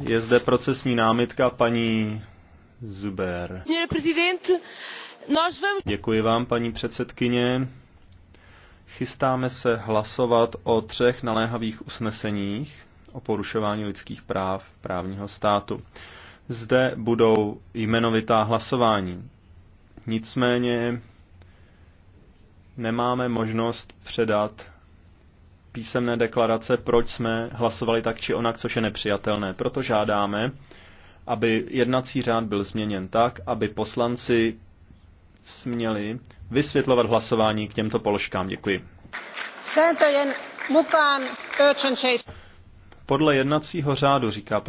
Je zde procesní námitka paní Zuber. Děkuji vám, paní předsedkyně. Chystáme se hlasovat o třech naléhavých usneseních o porušování lidských práv právního státu. Zde budou jmenovitá hlasování. Nicméně nemáme možnost předat písemné deklarace, proč jsme hlasovali tak či onak, což je nepřijatelné. Proto žádáme, aby jednací řád byl změněn tak, aby poslanci směli vysvětlovat hlasování k těmto položkám. Děkuji. Podle jednacího řádu, říká